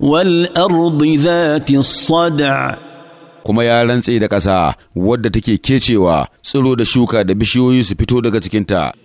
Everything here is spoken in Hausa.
والأرض ذات الصدع kuma ya rantse da ƙasa wadda take kecewa tsiro da shuka da bishiyoyi su fito daga cikinta